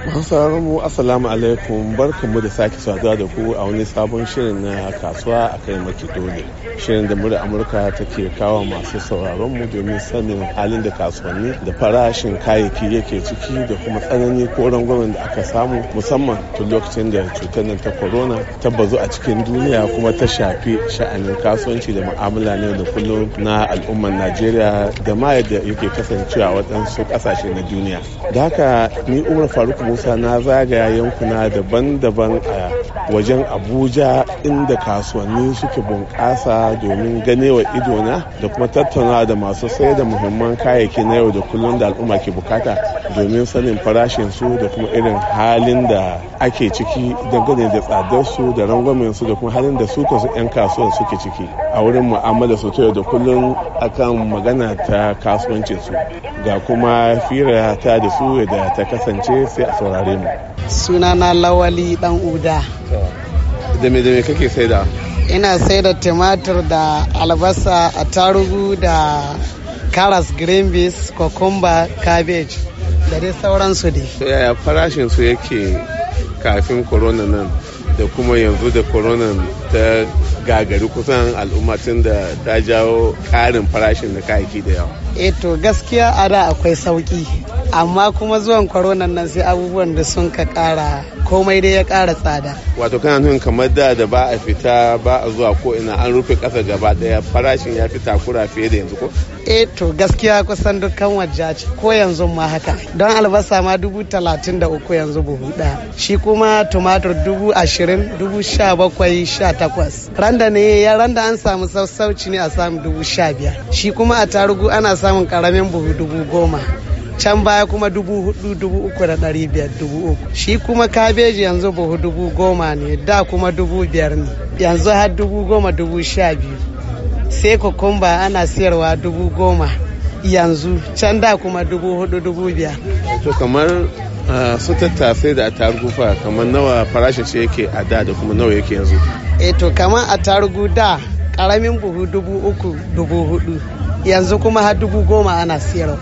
Masu mu Assalamu alaikum barkanmu da sake saduwa da ku a wani sabon shirin na kasuwa a kai maki dole. Shirin da murya Amurka take kawo masu sauraron mu domin sanin halin da kasuwanni da farashin kayayyaki yake ciki da kuma tsanani ko rangwamen da aka samu musamman tun lokacin da cutar nan ta corona ta bazu a cikin duniya kuma ta shafi sha'anin kasuwanci da mu'amala ne da kullum na al'ummar Najeriya da ma yadda yake kasancewa waɗansu ƙasashe na duniya. Da haka ni Umar Faruk musa na zagaya yankuna daban-daban a wajen abuja inda kasuwanni suke bunƙasa domin ganewa idona da kuma tattaunawa da masu sayar da muhimman kayayyaki na yau da kullum da al'umma ke bukata domin sanin farashinsu da kuma irin halin da ake ciki dangane da tsadarsu da rangwamen su da kuma halin da su kasu 'yan kasuwar suke ciki a wurin mu'amala su ta da kullum akan magana ta kasuwanci su ga kuma fira ta da su da ta kasance sai a saurare mu sunana lawali dan uda da me da me kake saida ina saida tumatur da albasa attarugu da karas green beans cucumber cabbage da dai sauransu dai yaya farashin su yake kafin corona nan da kuma yanzu da corona ta gagari kusan al'umma da ta jawo karin farashin da kayaki da yawa. Eto eh gaskiya a da akwai sauki amma kuma zuwan kwaronan nan sai abubuwan da sun ka ƙara komai dai ya kara tsada. Wato kana nuna kamar da da ba a fita ba a zuwa ko ina an rufe kasa gaba daya farashin ya fi takura fiye da yanzu ko? Eto eh gaskiya kusan dukkan wajja ce ko yanzu ma haka don albasa ma dubu talatin da uku yanzu buhu ɗaya shi kuma tumatur dubu ashirin dubu sha bakwai sha takwas randa ne ya randa an samu sassauci ne a samu dubu sha biyar shi kuma a tarugu ana samun karamin buhu dubu goma can baya kuma dubu hudu dubu uku da dari biyar dubu uku shi kuma kabeji yanzu buhu dubu goma ne da kuma dubu biyar ne yanzu har dubu goma dubu sha biyu sai kokumba ana siyarwa dubu goma yanzu can da kuma dubu hudu dubu biyar to kamar ah, su da da tarugu fa kamar nawa farashin shi yake a da da kuma nawa yake yanzu eh to a tarugu da karamin buhu dubu uku dubu hudu yanzu kuma har dubu goma ana siyarwa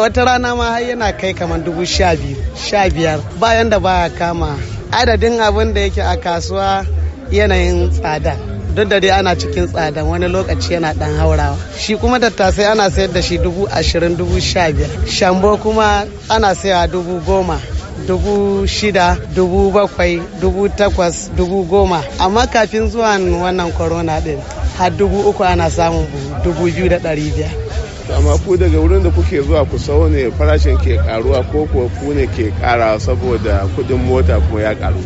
wata rana ma har yana kai kamar dubu sha biyu sha biyar bayan da baya kama adadin abin da yake a kasuwa yanayin tsada duk da dai ana cikin tsada wani lokaci yana dan haurawa shi kuma tattasai ana sayar da shi dubu ashirin dubu sha biyar shambo kuma ana sayar dubu goma dubu shida dubu bakwai dubu takwas dubu goma amma kafin zuwa wannan corona din har dubu uku ana samun buhu dubu biyu da ɗari biyar amma ku daga wurin da kuke zuwa ku sau ne farashin ke karuwa ko kuwa ku ne ke kara saboda kudin mota kuma ya karu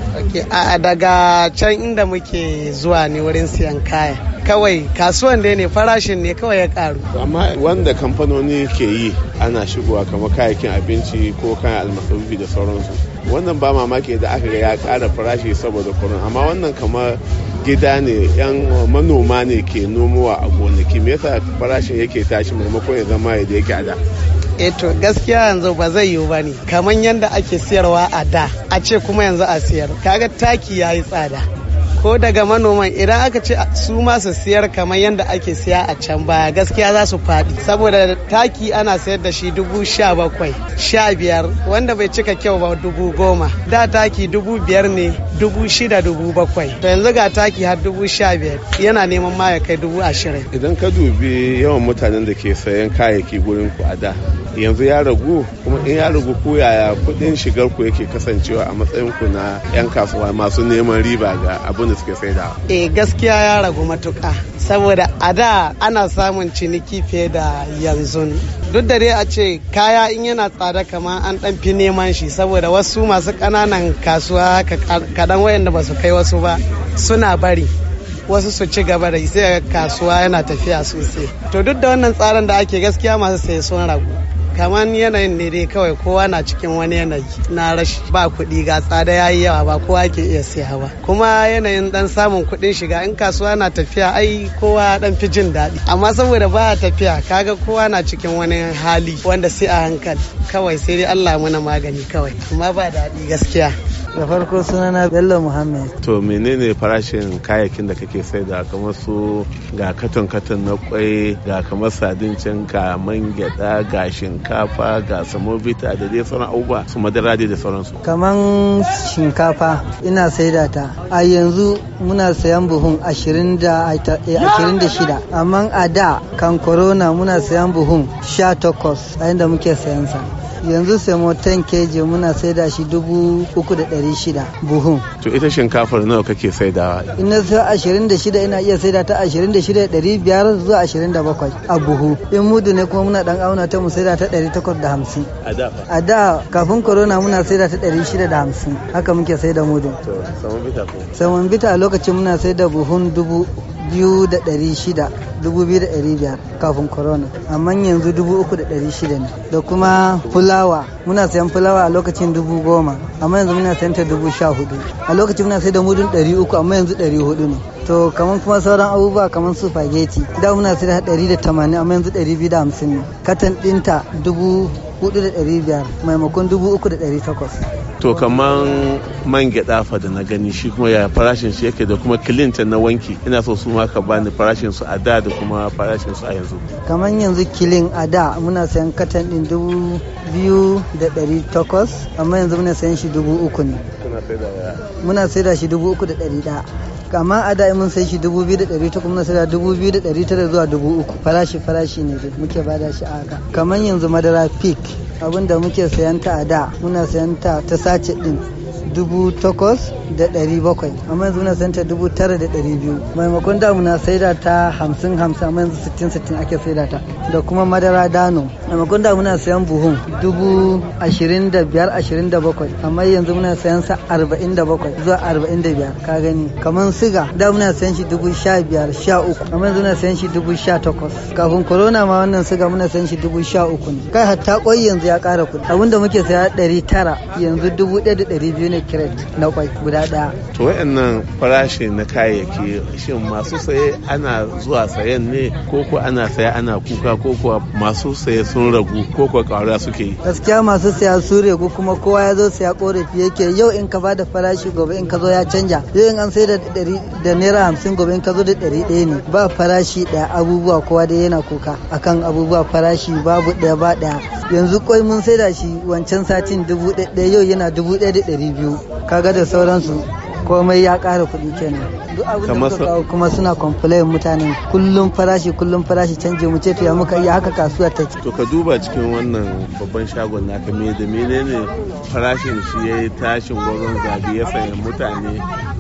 a daga can inda muke zuwa ne wurin siyan kaya kawai kasuwan ne farashin ne kawai ya karu amma wanda kamfanoni ke yi ana shigowa kamar kayakin abinci ko kayan almasarufi da sauransu wannan ba mamaki da aka ga ya kara farashi saboda kurin amma wannan kamar gida ne yan manoma ne ke nomowa a gonaki me yasa farashin yake tashi maimakon ya zama yadda yake a da e gaskiya yanzu ba zai yiwu ba ne kamar yadda ake siyarwa a da a ce kuma yanzu a siyar kaga taki ya yi tsada ko daga manoman idan aka ce su masu siyar kamar yadda ake siya a can baya gaskiya za su faɗi saboda taki ana sayar da shi dubu sha bakwai sha biyar wanda bai cika kyau ba dubu goma da taki dubu biyar ne dubu shida dubu bakwai to yanzu ga taki har dubu sha biyar yana neman ma ya kai dubu ashirin idan ka dubi yawan mutanen da ke sayan kayayyaki gurin ku a da yanzu ya ragu kuma in ya ragu ko yaya kuɗin shigar ku yake kasancewa a matsayin ku na 'yan kasuwa masu neman riba ga abin suke eh gaskiya ya ragu matuka saboda a da ana samun ciniki fiye da yanzu duk da dai a ce kaya in yana tsada kamar an dan fi neman shi saboda wasu masu ƙananan kasuwa kaɗan wayanda ba su kai wasu ba suna bari wasu su ci gaba da sai kasuwa yana tafiya sosai to duk da wannan tsarin da ake gaskiya masu sai sun ragu kamar yanayin ne dai kawai kowa na cikin wani yanayi na rashi ba kuɗi ga tsada ya yi yawa ba kowa ke iya siya ba kuma yanayin dan samun kuɗin shiga in kasuwa na tafiya ai kowa dan fi jin daɗi amma saboda ba tafiya kaga kowa na cikin wani hali wanda sai a hankali kawai sai dai Allah mana magani kawai amma ba daɗi gaskiya da farko sunana bello muhammed to menene farashin kayayyakin da kake saida kamar su ga katon katon na kwai ga kamar sadin cinka man gyada gashin shinkafa ga samovita da dai sauran abubuwa su madara dai da sauransu kaman shinkafa ina saida ta a yanzu muna sayan buhun eh, shida amma a da kan corona muna sayan buhun sha takwas a inda muke sayan sa yanzu samo 10 kg muna saida shi dubu uku da ɗari shida buhun to ita shinkafar nawa kake saidawa in na sayo ashirin da shida ina iya saida ta ashirin da shida ɗari biyar zuwa ashirin da bakwai a buhu in mudu ne kuma muna ɗan auna ta mu saida ta ɗari takwas da hamsin a da kafin corona muna saida ta ɗari shida da hamsin haka muke saida mudu saman bita a lokacin muna saida buhun dubu 2,600 kafin corona amma yanzu 3,600 ne da kuma fulawa muna sayan fulawa a lokacin 10,000 amma yanzu muna sayan ta 14,000 a lokacin muna sai da mudun 300 amma yanzu 400 ne to kamar kuma sauran abubuwa kamar su fageti da muna sai da 180 amma yanzu 250 ne katan dinta 4,500 maimakon 3,800 to kaman man gyada fa da na gani shi kuma ya farashin shi yake da kuma kilinta na wanki ina so su ma ka bani farashin su a da da kuma farashin su a yanzu kaman yanzu kilin a da muna sayan katan din dubu biyu da ɗari takwas amma yanzu muna sayan shi dubu uku ne muna saida shi dubu uku da ɗari ɗaya kama a da mun sai shi dubu biyu da ɗari takwas muna da dubu biyu da ɗari tara zuwa dubu uku farashi farashi ne muke bada shi a haka kamar yanzu madara peak abin da muke sayan ta a da muna sayanta ta ta sace din dubu takwas da ɗari bakwai amma yanzu muna sayanta dubu tara da ɗari biyu maimakon da muna saida ta hamsin hamsin amma yanzu sittin sittin ake saida ta da kuma madara dano maimakon da muna sayan buhun dubu ashirin da biyar ashirin da bakwai amma yanzu muna sayan sa arba'in da bakwai zuwa arba'in da biyar ka gani kamar siga da muna sayan shi dubu sha biyar sha uku amma yanzu muna sayan shi dubu sha takwas kafin corona ma wannan siga muna sayan shi dubu sha uku ne kai hatta kwai yanzu ya ƙara kuɗi abinda muke saya ɗari tara yanzu dubu ɗaya da ɗari biyu ne kiret na kwai guda ɗaya. To wayannan farashi na kayayyaki shin masu saye ana zuwa sayen ne ko ko ana saya ana kuka ko ko masu saye sun ragu ko ko ƙaruwa suke yi. Gaskiya masu saya sun ragu kuma kowa ya zo saya korafi yake yau in ka bada farashi gobe in ka zo ya canja yau in an sai da da naira hamsin gobe in ka zo da ɗari ɗaya ne ba farashi ɗaya abubuwa kowa dai yana kuka akan abubuwa farashi babu ɗaya ba ɗaya yanzu kwai mun sai da shi wancan satin dubu ɗaya yau yana dubu ɗaya da ɗari biyu. biyu kaga da sauransu komai ya kara kuɗi kenan duk abin da suka kawo kuma suna complain mutane. kullum farashi kullum farashi canje mu ce to ya muka iya haka kasuwar ta to ka duba cikin wannan babban shagon naka me da menene farashin shi ya yi tashin gwamnati zabi ya sanya mutane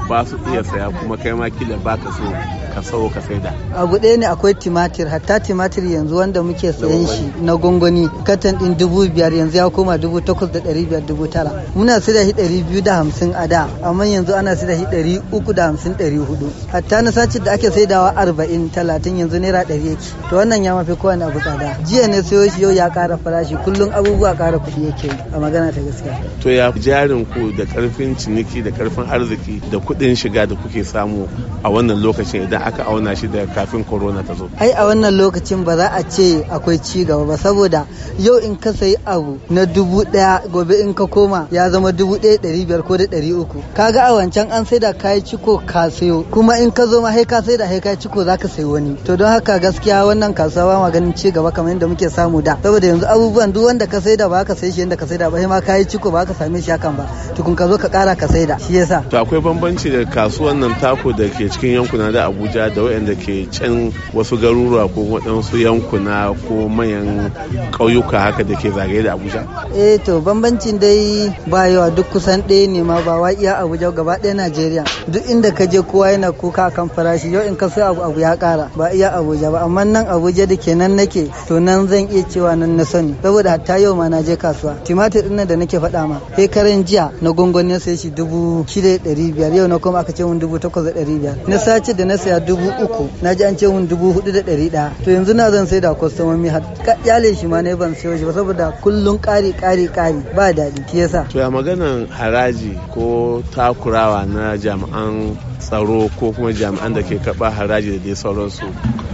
ba su iya saya kuma kai ma kila ba so ka sau ka saida A guɗe ne akwai timatir hatta timatir yanzu wanda muke sayan shi na gongoni katan din dubu biyar yanzu ya koma dubu takwas da ɗari biyar dubu tara muna saida shi ɗari biyu da hamsin a da amma yanzu ana saida shi ɗari uku da hamsin ɗari hudu hatta na sace da ake saidawa arba'in talatin yanzu naira ɗari yake to wannan ya mafi kowane abu tsada jiya ne sayo shi yau ya ƙara farashi kullum abubuwa ƙara kuɗi yake a magana ta gaskiya to ya jarin ku da ƙarfin ciniki da ƙarfin arziki da kuɗin shiga da kuke samu a wannan lokacin idan aka auna shi da kafin corona ta zo ai a wannan lokacin ba za a ce akwai ci gaba ba saboda yau in ka sayi abu na dubu daya gobe in ka koma ya zama dubu daya dari biyar ko da dari uku ka ga a wancan an sai da kayi ciko ka sayo kuma in ka zo ma sai ka sai da sai ka ciko za ka sayi wani to don haka gaskiya wannan kasuwa ba ma ganin ci gaba kamar yadda muke samu da saboda yanzu abubuwan duk wanda ka sai da ba ka sai shi yadda ka sai da ba sai ma kayi ciko ba ka same shi hakan ba tukun ka zo ka kara ka sai da shi yasa to akwai bambanci da kasuwan nan tako da ke cikin yankuna da Abuja abuja da waɗanda ke can wasu garuruwa ko waɗansu yankuna ko manyan ƙauyuka haka da ke zagaye da abuja eh to bambancin dai ba yawa duk kusan ɗaya ne ma ba wa iya abuja gaba ɗaya najeriya duk inda ka je kowa yana kuka kan farashi yau in ka sai abu ya ƙara ba iya abuja ba amma nan abuja da ke nan nake to nan zan iya cewa nan na sani saboda hatta yau ma na je kasuwa timatir ɗin da nake faɗa ma sai karen jiya na gongon ne sai shi dubu shida da ɗari biyar yau na kuma aka ce mun dubu takwas da ɗari biyar na sace da na saya dubu uku na ji an ce mun dubu hudu da ɗari ɗaya to yanzu na zan sai da kwastomomi har kyale shi ma ne ban sayo shi ba saboda kullum ƙari ƙari ƙari ba daɗi ke yasa. to ya maganan haraji ko takurawa na jami'an tsaro ko kuma jami'an da ke karɓar haraji da dai sauransu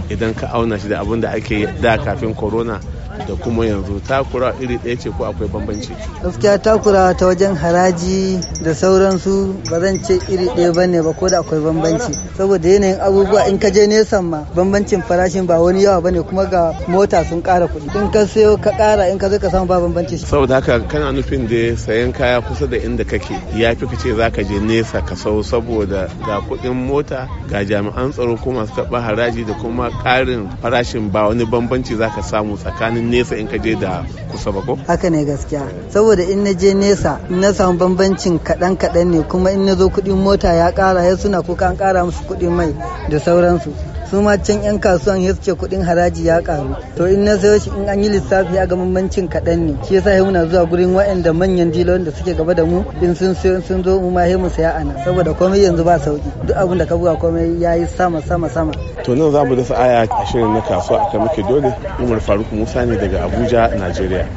idan ka auna shi da abin da ake da kafin corona da kuma yanzu takura iri ɗaya ce ko akwai bambanci gaskiya takura ta wajen haraji da sauransu ba zan ce iri ɗaya ba ne ba ko da akwai bambanci saboda yanayin abubuwa in ka je nesan ma bambancin farashin ba wani yawa bane kuma ga mota sun ƙara kuɗi in ka sayo ka ƙara in ka zo ka samu ba bambanci saboda haka kana nufin da sayan kaya kusa da inda kake ya fi ka ce za ka je nesa ka sau saboda ga kuɗin mota ga jami'an tsaro ko masu karɓar haraji da kuma ƙarin farashin ba wani bambanci za ka samu tsakanin ganin nesa in ka je da kusa ba ko haka ne gaskiya saboda in na je nesa na samu bambancin kaɗan kaɗan ne kuma in na zo kuɗin mota ya ƙara ya suna kuka an ƙara musu kuɗin mai da sauransu su ma can 'yan kasuwan ya ce kuɗin haraji ya karu to in na sayo shi in an yi lissafi a ga bambancin kaɗan ne shi yasa muna zuwa gurin waɗanda manyan dilolin da suke gaba da mu in sun sayo sun zo mu ma mu saya a nan saboda komai yanzu ba sauki duk abin da ka buga komai ya yi sama sama sama. to nan za mu dasa aya ashirin na kasuwa akan muke dole umar faruk musa ne daga abuja nigeria.